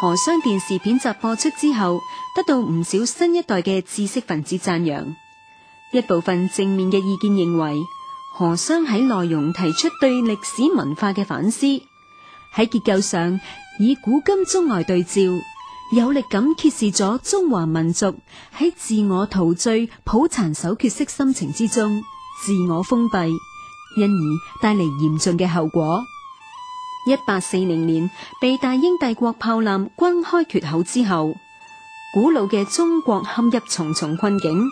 《河殤》電視片集播出之後，得到唔少新一代嘅知識分子讚揚。一部分正面嘅意見認為，《河殤》喺內容提出對歷史文化嘅反思，喺結構上以古今中外對照，有力咁揭示咗中華民族喺自我陶醉、抱殘守缺式心情之中自我封閉，因而帶嚟嚴峻嘅後果。一八四零年被大英帝國炮艦轟開缺口之後，古老嘅中國陷入重重困境。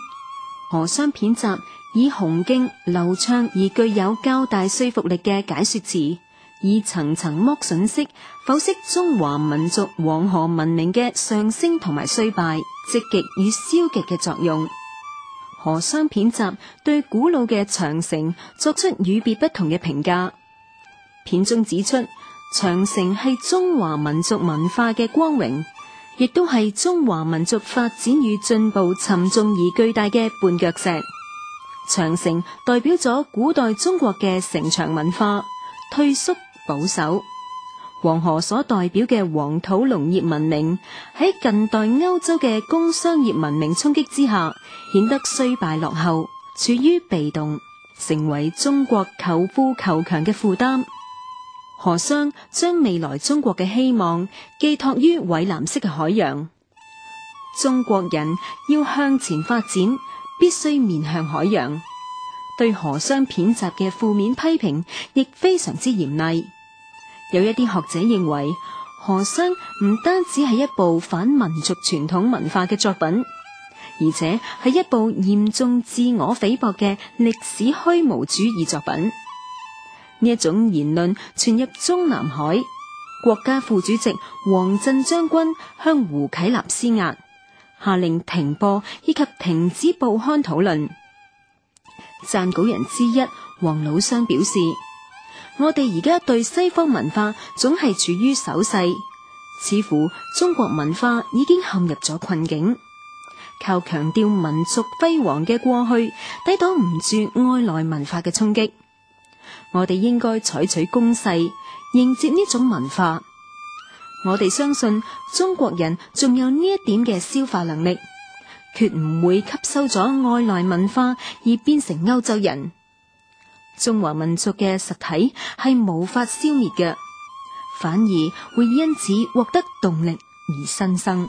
河殤片集以雄勁流暢而具有較大說服力嘅解說詞，以層層剝筍式剖析中華民族黃河文明嘅上升同埋衰敗，積極與消極嘅作用。河殤片集對古老嘅長城作出與別不同嘅評價，片中指出。長城係中華民族文化嘅光榮，亦都係中華民族發展與進步沉重而巨大嘅絆腳石。長城代表咗古代中國嘅城牆文化，退縮保守。黃河所代表嘅黃土農業文明，喺近代歐洲嘅工商業文明衝擊之下，顯得衰敗落後，處於被動，成為中國求富求強嘅負擔。何商將未來中國嘅希望寄託於蔚藍色嘅海洋。中國人要向前發展，必須面向海洋。對河殤片集嘅負面批評亦非常之嚴厲。有一啲學者認為，河殤唔單止係一部反民族傳統文化嘅作品，而且係一部嚴重自我菲薄嘅歷史虛無主義作品。呢一種言論傳入中南海，國家副主席王振將軍向胡啟立施壓，下令停播以及停止報刊討論。撰稿人之一王魯湘表示：我哋而家對西方文化總係處於守勢，似乎中國文化已經陷入咗困境，靠強調民族輝煌嘅過去，抵擋唔住外來文化嘅衝擊。我哋應該採取攻勢，迎接呢種文化。我哋相信中國人仲有呢一點嘅消化能力，決唔會吸收咗外來文化而變成歐洲人。中華民族嘅實體係無法消滅嘅，反而會因此獲得動力而新生。